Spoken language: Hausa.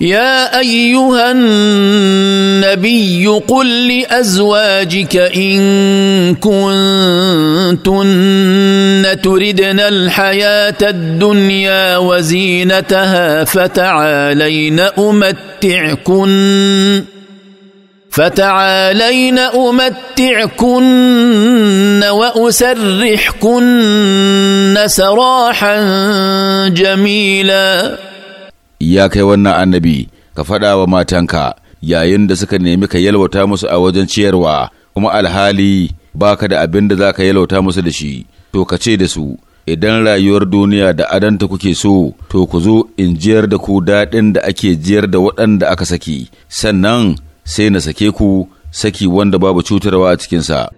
يا ايها النبي قل لازواجك ان كنتن تردن الحياه الدنيا وزينتها فتعالين امتعكن فتعالين امتعكن واسرحكن سراحا جميلا ya kai wannan annabi ka faɗa wa matanka yayin da suka nemi ka yalwata musu a wajen ciyarwa kuma alhali ba ka da abin da za ka yalwata musu da shi to ka ce da su idan rayuwar duniya da adanta kuke so to ku zo in jiyar da ku daɗin da ake jiyar da waɗanda aka saki sannan sai na sake ku saki wanda babu cutarwa a cikinsa